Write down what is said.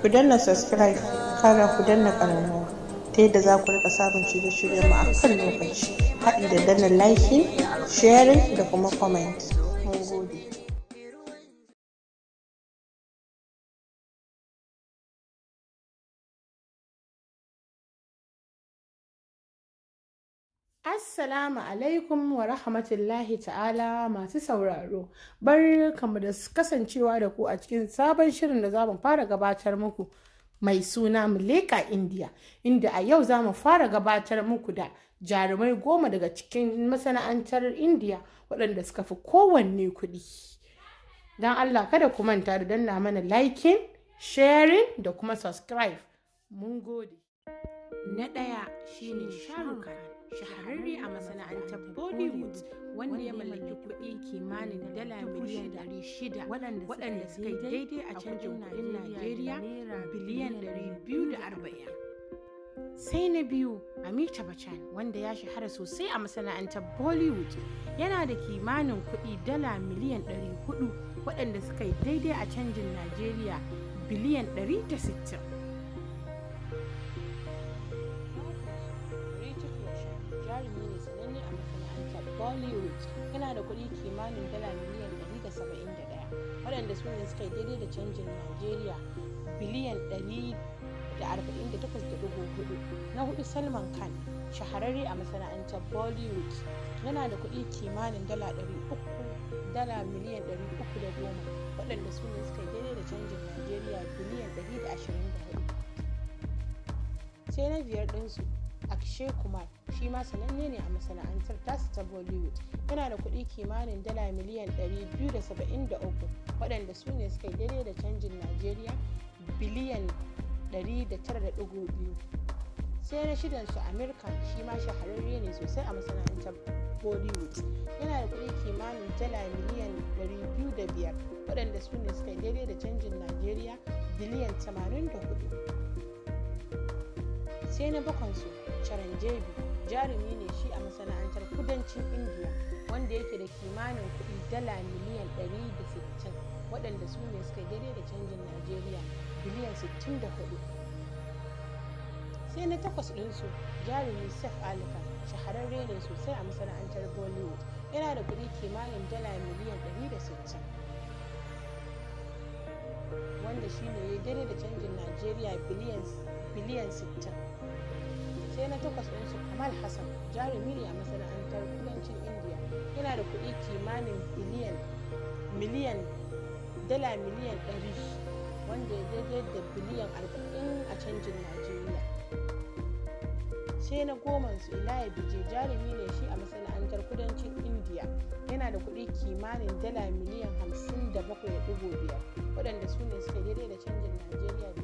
ku danna subscribe kara ku danna karamo ta yadda za ku rika samun shirye-shiryen mu a kan lokaci haɗi da danna like sharing da kuma comment mun gode Assalamu alaikum wa rahmatullahi ta'ala masu sauraro. Bar kamu da kasancewa da ku a cikin sabon shirin da zamu fara gabatar muku mai suna Muleka India, inda a yau za mu fara gabatar muku da jarumai goma daga cikin masana'antar India waɗanda suka fi kowanne kuɗi. Don Allah kada ku manta da danna mana liking, sharing da kuma subscribe. Mun gode. Na ɗaya shine karatu. shahararre a masana'antar Bollywood wanda ya mallaki kuɗi kimanin dala miliyan 600 waɗanda suka yi daidai a canjin kuɗin Najeriya biliyan 240. sai na biyu amita bachan wanda ya shahara sosai a masana'antar bollywood yana da kimanin kuɗi dala miliyan 400 waɗanda suka yi daidai a canjin najeriya biliyan sittin. hollywood yana da kuɗi kimanin dala miliyan 171 waɗanda su ne suka yi daidai da canjin najeriya biliyan 148.4 na hudu salman khan shahararre a masana'antar bollywood yana da kuɗi kimanin dala 300 dala miliyan 310 waɗanda su ne suka yi daidai da canjin najeriya biliyan 124 sai na biyar ɗinsu akshay kumar shi ma sananne ne a masana'antar tasa ta bollywood yana da kuɗi kimanin dala miliyan 273 waɗanda su ne suka daidai da canjin najeriya biliyan 109.2 sai na shidan su amurka shi ma shahararre ne sosai a masana'antar bollywood yana da kuɗi kimanin dala miliyan 205 waɗanda su ne suka daidai da canjin najeriya biliyan 84 sai na bakwansu charanjebi jarumi ne shi a masana'antar kudancin indiya wanda yake da kimanin kudi dala miliyan 160 waɗanda su ne suka daidai da canjin najeriya biliyan 64 sai na takwas ɗinsu jarumi sef alika shahararre ne sosai a masana'antar bollywood yana da kudi kimanin dala miliyan 160 wanda shi ne ya daidai da canjin najeriya biliyan 60 sai na takwas ɗinsu kamal hassan jarumi ne a masana'antar kudancin indiya yana da kuɗi kimanin miliyan dala miliyan ɗari wanda ya daidai da biliyan arba'in a canjin najeriya sai na goman su ilaya bije jarumi ne shi a masana'antar kudancin indiya yana da kuɗi kimanin dala miliyan hamsin da da bakwai biyar waɗanda su ne suke daidai da canjin najeriya